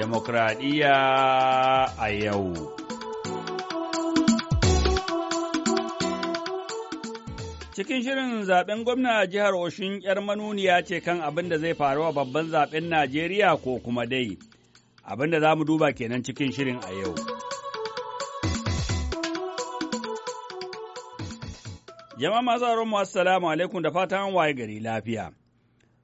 Demokradiyya a yau. Cikin shirin zaben gwamna jihar oshin ‘yar manuniya ce kan abin da zai faru a babban zaben Najeriya ko kuma dai, abin da za mu duba kenan cikin shirin a yau. Jama'a masu mu assalamu alaikum da fatan waye gari lafiya.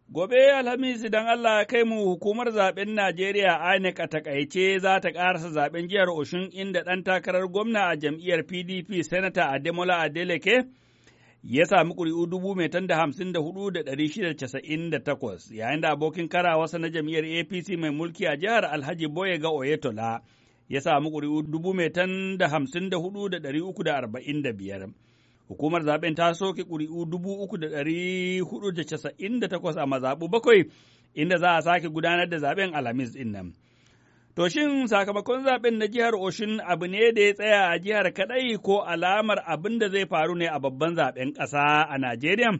Gobe Alhamis don Allah ya kai mu hukumar zaben Najeriya INEC a takaice za ta ƙarasa zaben jihar Oshun inda ɗan takarar gwamna a jam'iyyar PDP Senata Ademola Adeleke ya sami ƙuri'u dubu mai da hamsin da hudu da ɗari shida casa'in da takwas yayin da abokin karawarsa na jam'iyyar APC mai mulki a jihar Alhaji ga Oyetola ya sami ƙuri'u dubu mai da hamsin da hudu da ɗari uku da arba'in da biyar. Hukumar zaben ta soke ƙuri'u dubu uku da da da hudu casa'in takwas a mazaɓu bakwai inda za a sake gudanar da zaben Alhamis ɗin nan. To shin sakamakon zaben na jihar Oshin abu ne da ya tsaya a jihar kaɗai ko alamar abin da zai faru ne a babban zaben ƙasa a Najeriya?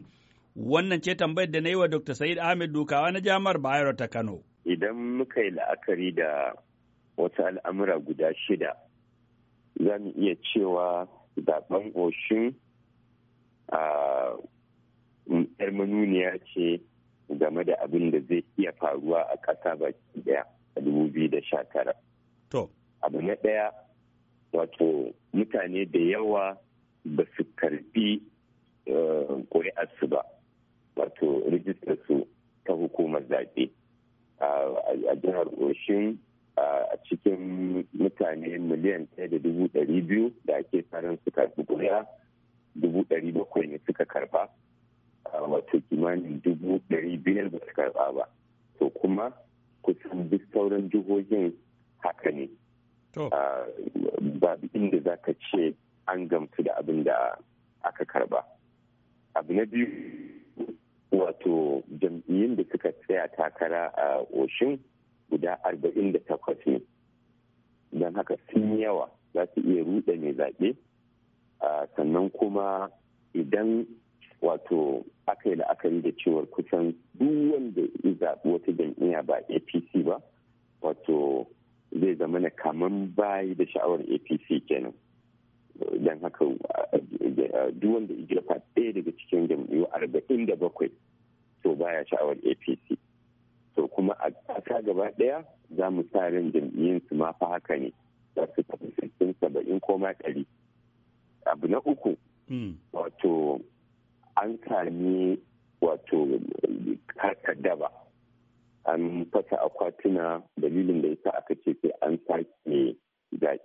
Wannan ce tambayar da na yi wa Dr. Said Ahmed Dukawa na Jamar Bayero ta Kano. Idan muka yi la'akari da wata al'amura guda shida, za mu iya cewa zaben Oshin yar manuniya ce game da abin da zai iya faruwa a ƙasa baki daya a 2019. To. Abu na ɗaya wato mutane da yawa ba su karbi eh, ƙuri'arsu ba wato rijistar su ta hukumar zaɓe a jihar oshin a cikin mutane miliyan ɗaya da dubu biyu aka ce an gamsu da abin da aka karba abu na biyu wato jam'iyyun da suka tsaya takara a oshin guda arba'in da takwas ne don haka sun yawa za su iya ruɗe mai zaɓe sannan kuma idan wato aka yi la'akari da cewar kusan duk wanda ya zaɓi wata jam'iyya ba apc ba wato zai zama na kaman bayi da sha'awar apc kenan don haka uh, uh, duk wanda ijefa ɗaya daga cikin jam'iyyu arba'in da bakwai to baya sha'awar apc to kuma a ƙasa gaba ɗaya za mu sa ran jam'iyyun su ma fa haka ne za su tafi cikin saba'in ko ma ɗari abu na uku hmm. wato an sami wato karkar daba an fasa akwatuna dalilin da ya sa aka ce sai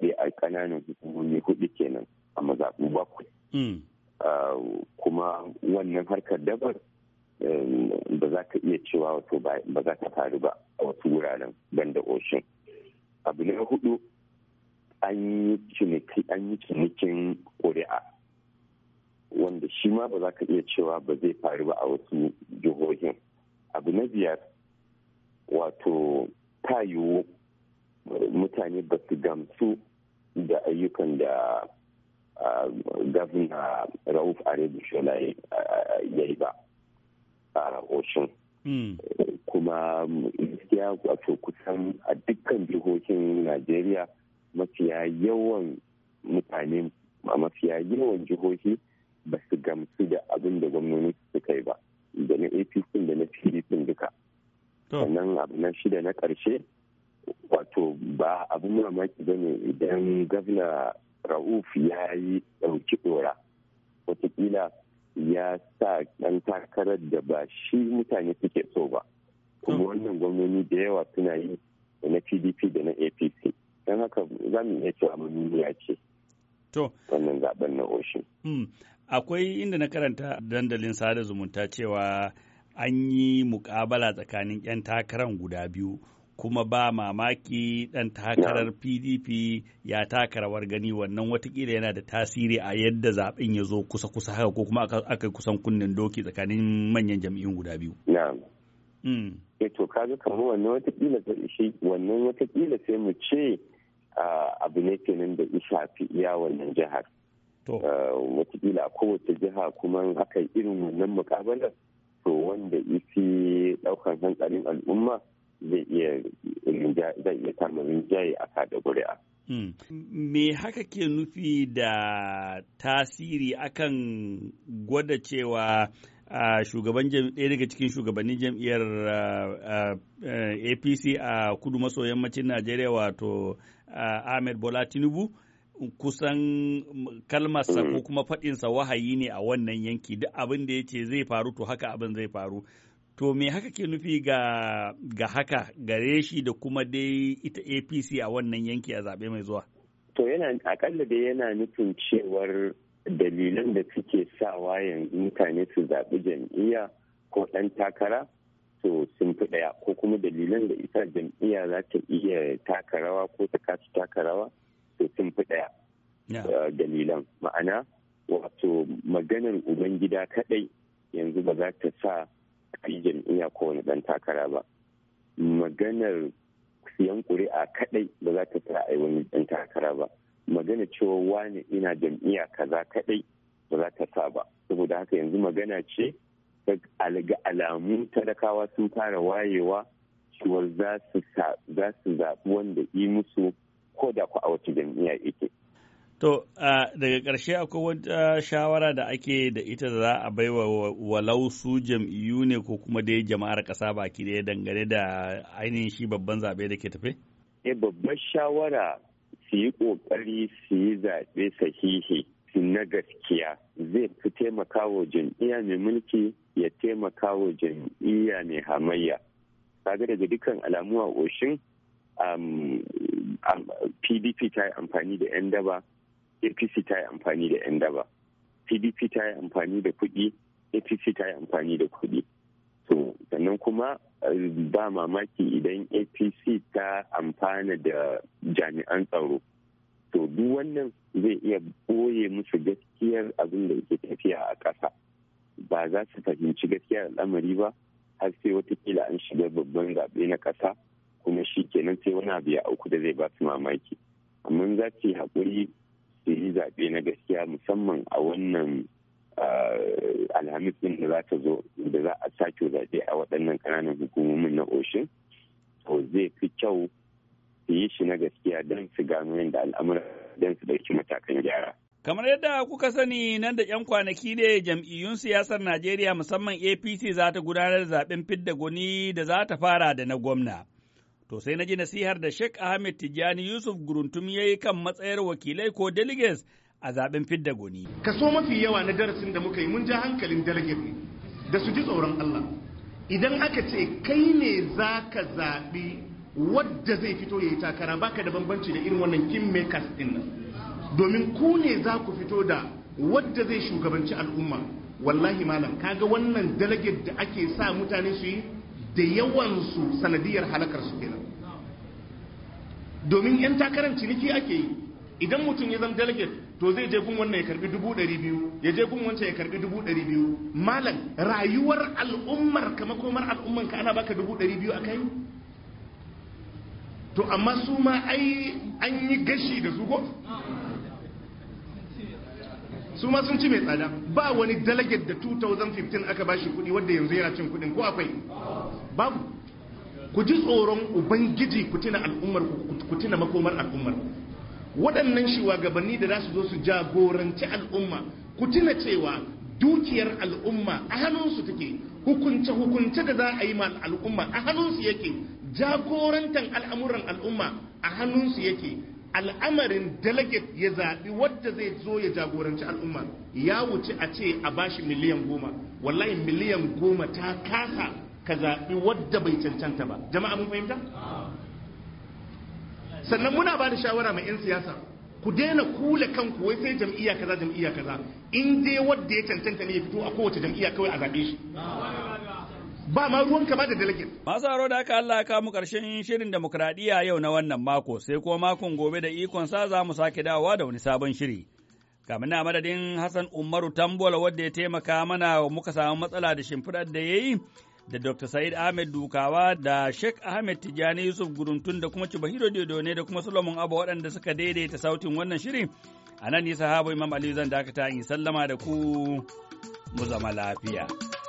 zaɓe a ƙananan hukumomi hudu kenan a mazaɓu bakwai. Hmm. Ah, kuma wannan harkar dabar eh, ba za ka iya cewa wato ba za ta faru ba a wasu wuraren banda oshin. Abu na hudu an yi cinikin ƙuri'a wanda shi ma ba za ka iya cewa ba zai faru ba a wasu jihohin. Abu na biyar wato ta yiwu eh, mutane ba su gamsu da ayyukan da gavna rauf arabishola ya yi ba a oshin hmm. kuma gaskiya wato kusan a dukkan jihohin najeriya mafiya yawan mutane a mafiya yawan jihohi ba su gamsu da abin da gwamnoni suka kai ba da na apc da na pdp duka sannan abu na shida na ƙarshe wato ba abin mamaki ba ne idan gwamna rauf ya yi ɗauki ɗora watakila ya sa ɗan takarar da ba shi mutane suke so ba kuma wannan gwamnoni da yawa suna yi na pdp da na apc don haka za mu iya cewa ya ce wannan zaben na oshin hmm. akwai inda na karanta dandalin sada zumunta cewa an yi mukabala tsakanin 'yan takarar guda biyu kuma ba mamaki ɗan takarar pdp ya taka rawar gani wannan watakila yana da tasiri a yadda zaɓen ya zo kusa-kusa haka ko kuma aka kusan kunnen doki tsakanin manyan jam'iyyun guda biyu e to kaga kamar wannan watakila shi wannan watakila sai mu ce abu ne kenan da isa fi iya wannan jihar watakila kowace jiha kuma aka irin wannan mukabalar to wanda isi daukan hankalin al'umma zai iya samun rinjaye a kada ƙuri'a. Hmm. Me haka ke nufi da tasiri akan gwada cewa shugaban ɗaya daga cikin shugabannin jam'iyyar APC a kudu maso yammacin Najeriya wato Ahmed Bola Tinubu kusan kalmarsa ko hmm. kuma faɗinsa wahayi ne a wannan yanki duk abin da ya ce zai faru to haka abin zai faru. To me haka ke nufi ga, ga haka gare shi da kuma dai ita APC a wannan yanki a zaɓe mai zuwa? To yana akalla dai yana nufin cewar dalilan da suke sawa yanzu mutane su zaɓi jam'iyya ko ɗan takara to sun fi ɗaya ko kuma dalilan da isa jam'iyya za ta iya takarawa ko ta kasu takarawa to sun fi ɗaya eh, dalilan ma'ana wato maganar ubangida kaɗai yanzu ba za ta sa kai jam'iyya ko wani ɗan takara ba maganar siyan ƙuri'a kaɗai ba za ta sa a wani ɗan takara ba magana cewa wani ina jam'iyya kaza kaɗai ba za ta sa ba saboda haka yanzu magana ce ga alamu talakawa sun fara wayewa cewar za su zaɓi wanda yi musu ko da ku a wace jam'iyya yake To, daga ƙarshe akwai wata shawara da ake da ita da za a baiwa walau su jam'iyyu ne ko kuma dai jama'ar ƙasa baki ɗaya dangane da ainihin shi babban zaɓe da ke tafe? Eh, babban shawara su yi ƙoƙari su yi zaɓe sahihi na gaskiya zai fi taimakawa wa jam'iyya mai mulki ya taimaka wa jam'iyya mai hamayya. Kaga daga dukkan alamu a oshin PDP ta yi amfani da 'yan daba apc ta yi amfani da yan daba pdp ta yi amfani da kuɗi apc ta yi amfani da kuɗi to sannan kuma eh, ba mamaki idan apc ta amfana da jami'an tsaro to duk wannan zai iya ɓoye musu gaskiyar abin da yake tafiya a ƙasa ba za su fahimci gaskiyar al'amari ba har sai watakila an shiga babban zaɓe na ƙasa kuma shi kenan sai wani abu ya auku da zai ba su mamaki amma za su yi haƙuri su yi zaɓe na gaskiya musamman a wannan alhamis din da za ta zo da za a sake zaɓe a waɗannan ƙananan hukumomin na oshin to zai fi kyau su yi shi na gaskiya don su gano yadda al'amura don su ɗauki matakan gyara. Kamar yadda kuka sani nan da 'yan kwanaki ne jam'iyyun siyasar Najeriya musamman APC za ta gudanar da zaɓen fidda gwani da za ta fara da na gwamna. To sai na ji nasihar da Sheikh Ahmed Tijjani Yusuf Guruntum ya yi kan matsayar wakilai ko delegates a zaben fidda goni. Kaso mafi yawa na darasin da muka yi mun ja hankalin delegate ne da su ji tsoron Allah. Idan aka ce kai ne za ka zaɓi wadda zai fito ya yi takara baka da bambanci da irin wannan kingmakers ɗin nan. Domin ku ne za ku fito da wadda zai shugabanci al'umma. Wallahi malam ga wannan delegate da ake sa mutane su yi da yawansu sanadiyar halakar su kenan. domin 'yan takarar ciniki ake yi idan mutum ya zama delegate to zai je gun wannan ya karbi dubu ɗari biyu ya je gun wancan ya karbi dubu ɗari biyu malam rayuwar al'ummar kama komar al'ummar ka ana baka dubu ɗari biyu a kai to amma su ma ai an yi gashi da su ko su ma sun ci mai tsada ba wani delegate da 2015 aka bashi kuɗi wadda yanzu yana cin kuɗin ko akwai babu ku ji tsoron ubangiji ku tuna al'ummar ku tuna makomar al'ummar waɗannan shugabanni da za su zo su jagoranci al'umma ku tuna cewa dukiyar al'umma a hannunsu take hukunce hukunce da za a yi ma al'umma a hannunsu yake Jagorantan al'amuran al'umma a hannunsu yake al'amarin delegate ya zaɓi wadda zai zo ya jagoranci al'umma ya wuce a ce a bashi miliyan goma wallahi miliyan goma ta kasa ka zaɓi wadda bai cancanta ba jama'a mun fahimta sannan muna ba da shawara mai 'yan siyasa ku daina kula kanku wai sai jam'iyya kaza jam'iyya kaza in dai wadda ya cancanta ne ya fito a kowace jam'iyya kawai a zaɓe shi ba ma ruwan kama da delegate. Masu haro da aka Allah kamu karshen shirin demokradiyya yau na wannan mako sai kuma makon gobe da ikon sa za mu sake dawowa da wani sabon shiri. Kamin na madadin Hassan Umaru Tambola wadda ya taimaka mana muka samu matsala da shimfiɗar da ya yi da Dr. Said Ahmed Dukawa da Sheikh Ahmed Tijani Yusuf Guruntun da kuma Cibahiro ne da kuma Solomon Abba waɗanda suka daidaita sautin wannan shirin. A nan yi sahabo Imam Ali zan dakata in sallama da ku mu zama lafiya.